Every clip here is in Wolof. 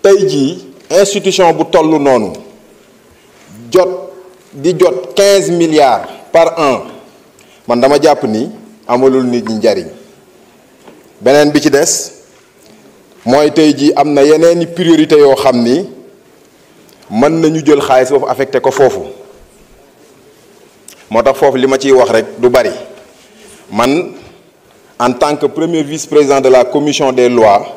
tey institution bu tollu nonu jot di jot quinze milliards par an man dama japp ni amulul nit ñi njariñ benen bi ci des moy tey jii am na yeneeni priorité yo xamni man nañu jël xaliss fofu. affecté ko fofu motax fofu foofu li ma wax rek du bari man en tant que premier vice-président de la commission des lois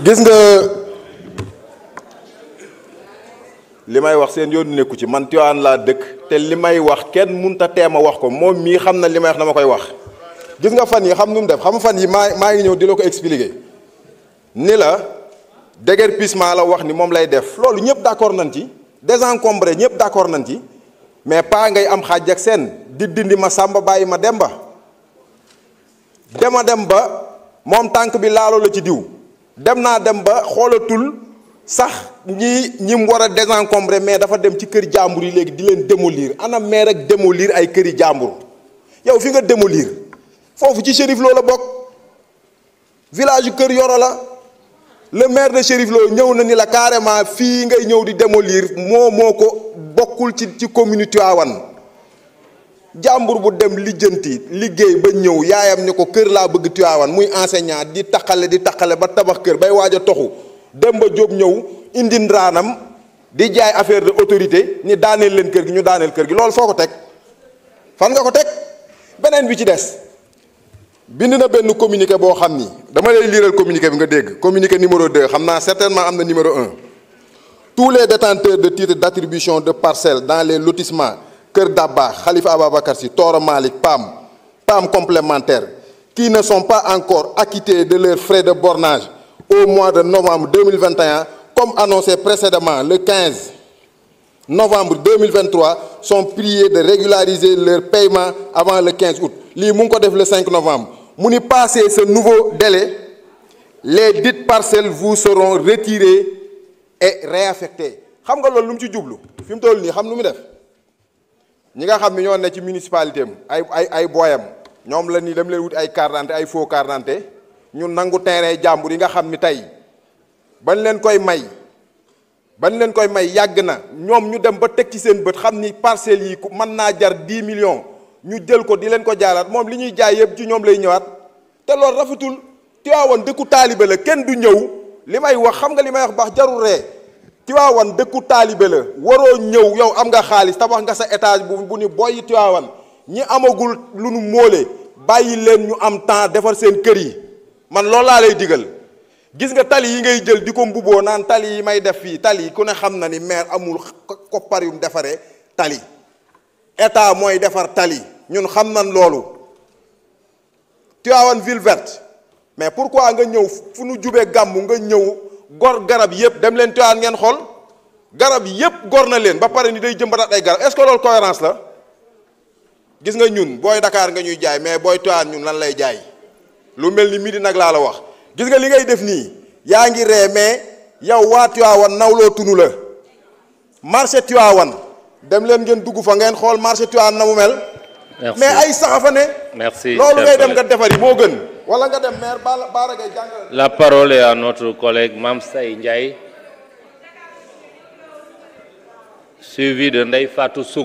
gis nga li may wax seen yoonu nekku ci man Tivaouane laa dëkk te li may wax kenn mënut a teem a wax ko moom mii xam na li may wax na dama koy wax gis nga fan yi xam nu mu def xam fan yi maa maa ngi ñëw di la ko expliquer ni la déguerpissement la wax ni moom lay def loolu ñëpp d'accord nañ ci en désencombré ñëpp d'accord nañ ci mais paa ngay am xaaj ak seen di dindi ma sàmba bàyyi ma dem ba dema dem ba moom tànk bi laaloo la ci diw Demna demba, dem ba ni sax ñi ñi mu désencombrer mais dafa dem ci yi di démolir ana maire ak démolir ay këri jambour yow fi nga démolir ci la village kër Yoro le maire de Shérif, Lo na ni la carrément qui ngay ñew di démolir ont moko des ci jambour bu dem lijjanti liggéey ba ñew yaayam ni ko kër la bëgg Tivaouane muy enseignant di takalé di takalé ba tabax kër bay waaj toxu dem ba jóob ñew indi ndaanam di jaay affaire de autorité ni daanel leen kër gi ñu daanel kër gi lool foo tek fan nga ko tek benen bi ci dess bind na benn communiqué bo xamni dama lay liiral communiqué bi nga dégg communiqué numéro 2 xamna certainement amna numéro 1 tous les détenteurs de titres d'attribution de parcelles dans les lotissements Cœur Daba, Khalifa Ababakar Tor Malik, PAM, PAM complémentaire, qui ne sont pas encore acquittés de leurs frais de bornage au mois de novembre 2021, comme annoncé précédemment le 15 novembre 2023, sont priés de régulariser leur paiement avant le 15 août. Li le 5 novembre. Mouni passé ce nouveau délai, les dites parcelles vous seront retirées et réaffectées. Vous savez ce ñi nga xam ne ñoo ne ci municipalité am ay ay ay booyam ñoom la nii dama leen wut ay carte ay fo carte d'identité ñu nangu terrain jàmbur yi nga xam ni tey bañ leen koy may bañ leen koy may yàgg na ñoom ñu dem ba teg ci seen bët xam ni parcelles yi ku mën naa jar 10 million ñu jël ko di leen ko jaaraat moom li ñuy jaay yëpp ci ñoom lay ñëwaat te loolu rafetul Tiwaawan dëkku taaliba la kenn du ñëw li may wax xam nga li may wax baax jarul ree Tiwaawan dëkku taalibe la waroo ñëw yow am nga xaalis tabax nga sa étage bu bu ni boy Tiwaawan ñi amagul lu nu moole bàyyi leen ñu am temps defar seen kër yi man loolu laa lay digal gis nga tali yi ngay jël di ko mbuboo naan tali yi may def fii tali yi ku ne xam na ni maire amul koppar yum defaree tali état mooy defar tali ñun xam na loolu Tiwaawan ville verte mais pour pourquoi nga ñëw fu nu jubee gàmm nga ñëw gor garab yëpp dem leen Tiwaawan ngeen xool garab yëpp gor na leen ba pare ni day jëmbataat ay garab est-ce que la gis nga ñun booy Dakar nga ñuy jaay mais booy Tiwaawan ñun lan lay jaay lu mel ni midi nag laa la wax gis nga li ngay def nii yaa ngi ree mais yow waa Tiwaawan nawloo tunu la marché Tiwaawan dem leen ngeen dugg fa ngeen xool marché Tiwaawan na mu mel. mais ay saxafa ne. merci loolu ngay dem nga defar yi moo gën. La parole est à notre collègue Mamsa Ndiaye, suivi de Ndei Fatou